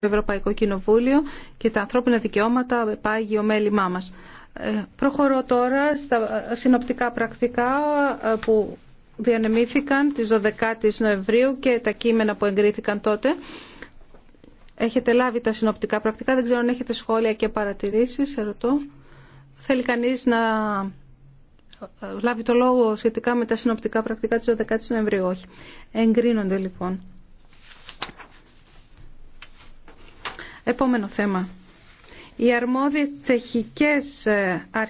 Ευρωπαϊκό Κοινοβούλιο και τα ανθρώπινα δικαιώματα πάγιο μέλημά μας. Ε, προχωρώ τώρα στα συνοπτικά πρακτικά ε, που διανεμήθηκαν τις 12 Νοεμβρίου και τα κείμενα που εγκρίθηκαν τότε. Έχετε λάβει τα συνοπτικά πρακτικά, δεν ξέρω αν έχετε σχόλια και παρατηρήσεις, ερωτώ. Θέλει κανείς να ε, λάβει το λόγο σχετικά με τα συνοπτικά πρακτικά της 12 Νοεμβρίου, όχι. Εγκρίνονται λοιπόν. Επόμενο θέμα. Οι αρμόδιες τσεχικές ε, αρχές